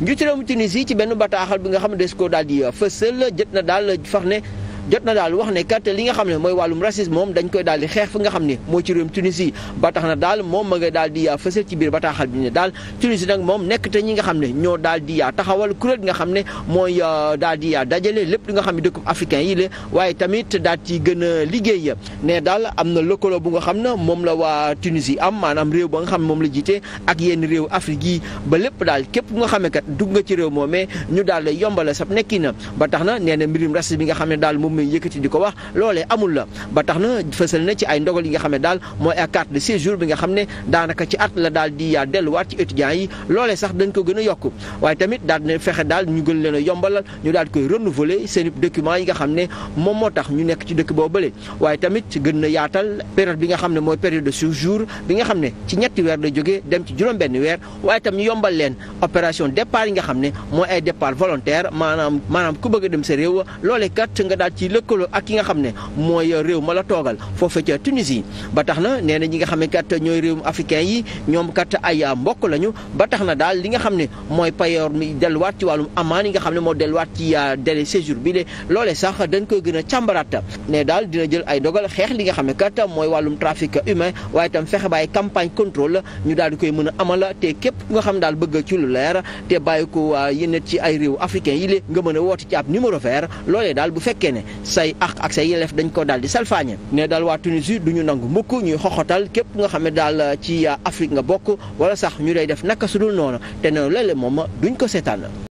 njiitu réewum ci benn bataaxal bi nga xam ne des koo daal di fësal jët na daal fax ne jot na daal wax ne kat li nga xam ne mooy wàllum racisme moom dañ koy daal xeex fi nga xam ne moo ci réewum Tunisie ba tax na daal moom ma nga uh, xam ne ñoo daal di yaa uh, taxawal xam ne mooy uh, daal di yaa dajale lépp nga xam ne dëkkub africain yi la waaye tamit daal ci gën a liggéey ne daal am na bu nga xam ne moom la waa Tunisie am maanaam réew ba nga xam ne la jiite ak yenn réew Afrique yi ba lépp daal képp nga xam ne kat dugg nga ci réew moomee ñu daal yombala sab nekki na ba tax na nee na mbirum racisme bi nga xam ne daal moom muy yëkkati di ko wax loolee amul la ba tax na fësal na ci ay ndogal nga xam ne daal mooy ak carte nga xam ne daanaka ci at la daal di yaa delluwaat ci étudiants yi loolee sax dañ ko gën yokk waaye tamit daal dina fexe daal ñu gën leen a yombalal ñu di koy renouveler seen documents yi nga xam ne moom moo tax ñu nekk ci dëkk boo bële waaye tamit gën na yaatal période bi nga xam ne mooy période de séjour bi nga xam ne ci ñetti weer lay jógee dem ci juróom-benn weer waaye tam ñu yombal leen opération départ yi nga xam ne mooy ay départ volontaire maanaam maanaam ku bëgg a dem lëkkaloo ak ki nga xam ne mooy réew ma la toogal foofe ca Tunisie ba tax na nee na ñi nga xam ne kat ñooy réewum africain yi ñoom kat ay mbokk lañu ba tax na daal li nga xam ne mooy payoor mi delluwaat ci wàllum amaan yi nga xam ne moo delluwaat ci ah, délai séjour bi le loole sax dañ koy gën a càmbaraat ne daal dina jël ay dogal xeex li nga xam ne kat mooy wàllum trafic humain waaye itam fexe ba ay campagne contrôle ñu daal di koy mën a amal te képp nga xam daal bëgg ci lu leer te bàyyi ko ah, yenn ci ay réew africain yi nga mën a woote ci ab numéro vert loolee daal bu fekkee ne say àq ak say yelleef dañ ko daal di salfaañe ne daal waa Tunisie du ñu nangu mukk ñuy xoxotal képp nga xam ne daal ci Afrique nga bokk wala sax ñu lay def naka sudul dul noonu te noonu léeg-léeg moom duñ ko seetaan.